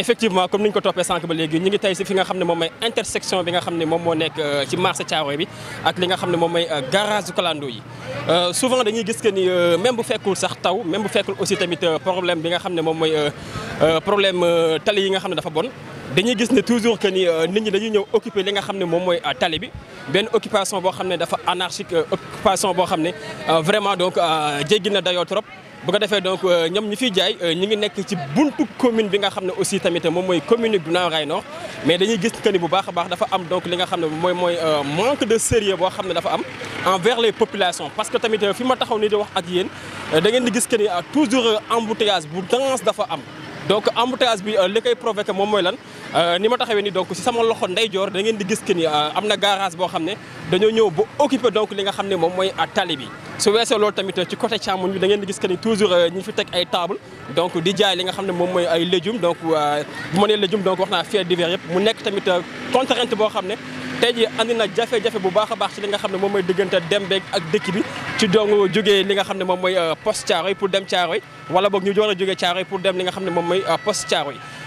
effectivement comme niñ ko topé sank ba légui ñu ngi tay ci fi nga xamné mom may intersection bi nga xamné mom mo nek euh, ci marché Thiaroye bi ak li nga xamné mom may euh, garage Kalandoo yi euh souvent dañuy gis que ni euh, même bu fekkul sax taw même bu fekkul aussi tamit problème bi nga xamné mom moom mooy problème tali yi nga xamné dafa bon dañuy gis ne toujours que ni nit ñi dañuy ñëw occuper li nga xamné mom moy talé bi ben occupation bo xamné dafa anarchique occupation bo xamné vraiment donc djéggina dayo trop bu défé donc euh, ñom ñu fi jaay euh, ñu ngi nekk ci buntu commune bi nga xamné aussi tamit mom moy commune du Rails Nord mais dañuy gis que ni bu baax baax dafa am donc li nga xamné moy moy euh, manque de sérieux bo xamné dafa am envers les populations parce que tamit fi ma taxaw ni di wax ak yeen da ngeen di gis que ni toujours embouteillage bu dense dafa am donc embouteillage bi li koy provoquer mom moy lan Euh, ni ma taxawee ni donc si sama loxo ndeyjoor da ngeen di gis que ni euh, am na garage boo xam ne dañoo ñëw ba occupé donc li nga xam ne moom mooy euh, tali bi su weesoo loolu tamit ci côté càmmoñ bi da ngeen di gis que ni toujours ñu fi teg ay table donc di jaay li nga xam ne moom mooy ay légumes donc bu ma nee légumes donc wax naa fait divers yëpp mu nekk tamit contrainte boo xam ne tey jii andi na jafe-jafe bu baax a baax ci li nga xam ne moom mooy diggante dem beeg ak dëkk bi ci dong nga xam ne moom mooy post Thiaroye pour dem Thiaroye wala boog ñu war a jógee pour dem li nga xam ne moom mooy post Thiaroye